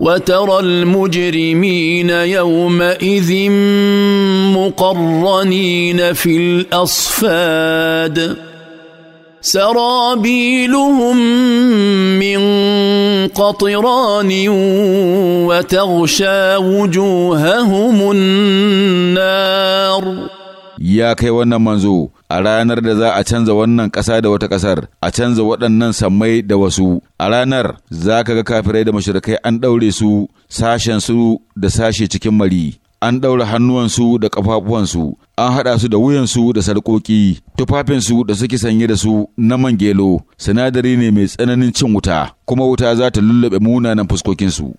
وترى المجرمين يومئذ مقرنين في الاصفاد سرابيلهم من قطران وتغشى وجوههم النار يا كي وانا منزو a ranar da za a canza wannan ƙasa سميت دوسو a ranar za ka ga kafirai da mashirikai an ɗaure su sashen su da sashe cikin mari an ɗaure hannuwansu da ƙafafuwansu an haɗa su da wuyansu da sarƙoƙi tufafinsu da suke sanye da su na man gelo sinadari ne mai tsananin cin wuta kuma wuta za ta lullube munanan fuskokinsu